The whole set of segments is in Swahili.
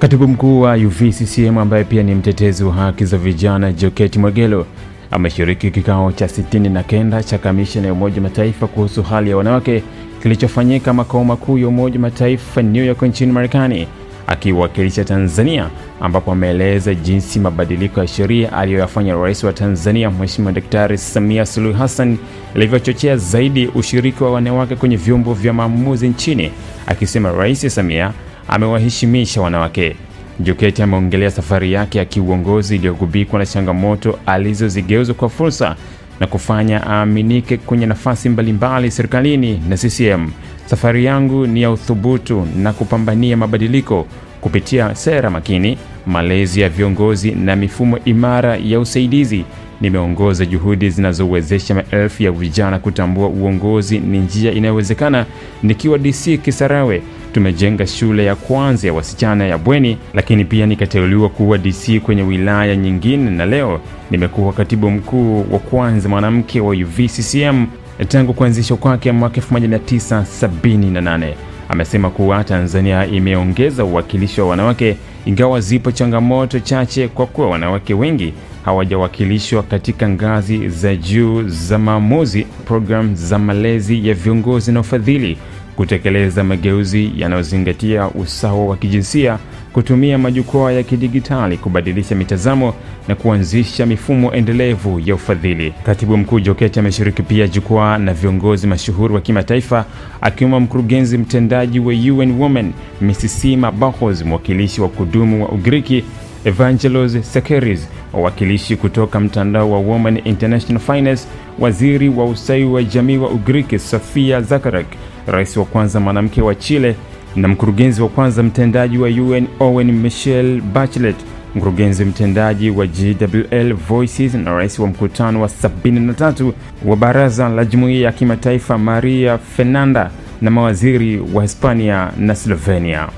Katibu mkuu wa UVCCM ambaye pia ni mtetezi wa haki za vijana joketi Mwegelo ameshiriki kikao cha sitini na kenda cha kamisheni ya Umoja Mataifa kuhusu hali ya wanawake kilichofanyika makao makuu ya Umoja Mataifa New York nchini Marekani akiwakilisha Tanzania, ambapo ameeleza jinsi mabadiliko ya sheria aliyoyafanya Rais wa Tanzania Mheshimiwa Daktari Samia Suluhu Hassan ilivyochochea zaidi ushiriki wa wanawake kwenye vyombo vya maamuzi nchini, akisema Rais Samia amewaheshimisha wanawake. Jokate ameongelea safari yake ya kiuongozi iliyogubikwa na changamoto alizozigeuza kwa fursa na kufanya aaminike kwenye nafasi mbalimbali serikalini na CCM. Safari yangu ni ya uthubutu na kupambania mabadiliko kupitia sera makini, malezi ya viongozi na mifumo imara ya usaidizi nimeongoza juhudi zinazowezesha maelfu ya vijana kutambua uongozi ni njia inayowezekana. Nikiwa DC Kisarawe, tumejenga shule ya kwanza ya wasichana ya bweni, lakini pia nikateuliwa kuwa DC kwenye wilaya nyingine, na leo nimekuwa katibu mkuu wa kwanza mwanamke wa UVCCM tangu kuanzishwa kwake mwaka 1978. Amesema kuwa Tanzania imeongeza uwakilishi wa wanawake, ingawa zipo changamoto chache, kwa kuwa wanawake wengi hawajawakilishwa katika ngazi za juu za maamuzi, programu za malezi ya viongozi na ufadhili, kutekeleza mageuzi yanayozingatia usawa wa kijinsia, kutumia majukwaa ya kidigitali kubadilisha mitazamo na kuanzisha mifumo endelevu ya ufadhili. Katibu Mkuu Joketi ameshiriki pia jukwaa na viongozi mashuhuri wa kimataifa akiwemo mkurugenzi mtendaji wa UN Women Mrs. Sima Bahos, mwakilishi wa kudumu wa Ugiriki Evangelos Sekeris, wawakilishi kutoka mtandao wa Women International Finance, waziri wa ustawi wa jamii wa Ugiriki Sofia Zakarak, rais wa kwanza mwanamke wa Chile na mkurugenzi wa kwanza mtendaji wa UN Owen Michelle Bachelet, mkurugenzi mtendaji wa GWL Voices na rais wa mkutano wa 73 wa baraza la jumuiya ya kimataifa Maria Fernanda na mawaziri wa Hispania na Slovenia.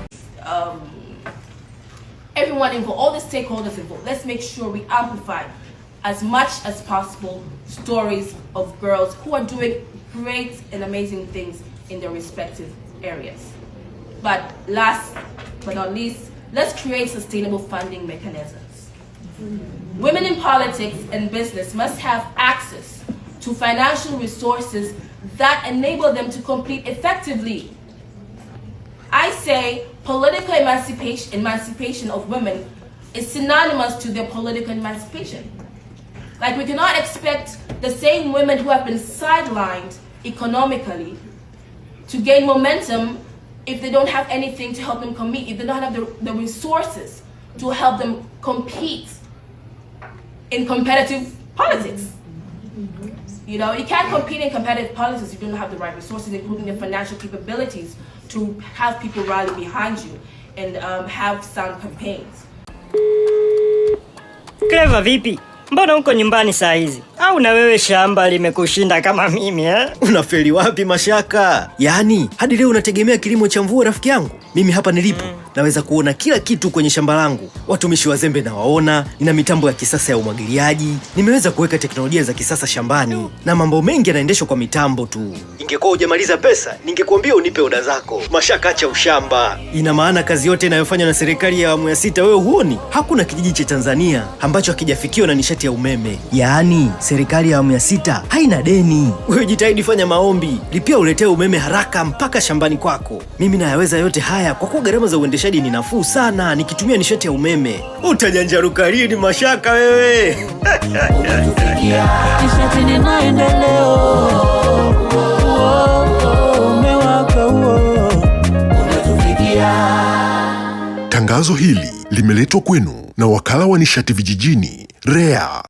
everyone involved, all the stakeholders involved, let's make sure we amplify as much as possible stories of girls who are doing great and amazing things in their respective areas. But last but not least, let's create sustainable funding mechanisms. Women in politics and business must have access to financial resources that enable them to compete effectively. I say political emancipation, emancipation of women is synonymous to their political emancipation. Like we cannot expect the same women who have been sidelined economically to gain momentum if they don't have anything to help them compete, if they don't have the, the resources to help them compete in competitive politics. You know, you can't compete in competitive politics if you don't have the right resources, including the financial capabilities to have people rally behind you and um, have some campaigns. Clever vipi? Mbona uko nyumbani saa hizi? Au na wewe shamba limekushinda kama mimi eh? Unafeli wapi Mashaka? Yaani hadi leo unategemea kilimo cha mvua rafiki yangu? Mimi hapa nilipo mm naweza kuona kila kitu kwenye shamba langu. Watumishi wazembe nawaona, nina mitambo ya kisasa ya umwagiliaji, nimeweza kuweka teknolojia za kisasa shambani na mambo mengi yanaendeshwa kwa mitambo tu. Ingekuwa hujamaliza pesa, ningekuambia unipe oda zako. Mashaka acha ushamba. Ina maana kazi yote inayofanywa na serikali ya awamu ya sita wewe huoni? Hakuna kijiji cha Tanzania ambacho hakijafikiwa na nishati ya umeme. Yaani serikali ya awamu ya sita haina deni. Wewe jitahidi, fanya maombi, lipia, uletee umeme haraka mpaka shambani kwako. Mimi nayaweza yote haya kwa kuwa gharama za uendeshaji kuendesha hadi ni nafuu sana nikitumia nishati ya umeme. Utajanjaruka lini Mashaka wewe? Tangazo hili limeletwa kwenu na wakala wa nishati vijijini REA.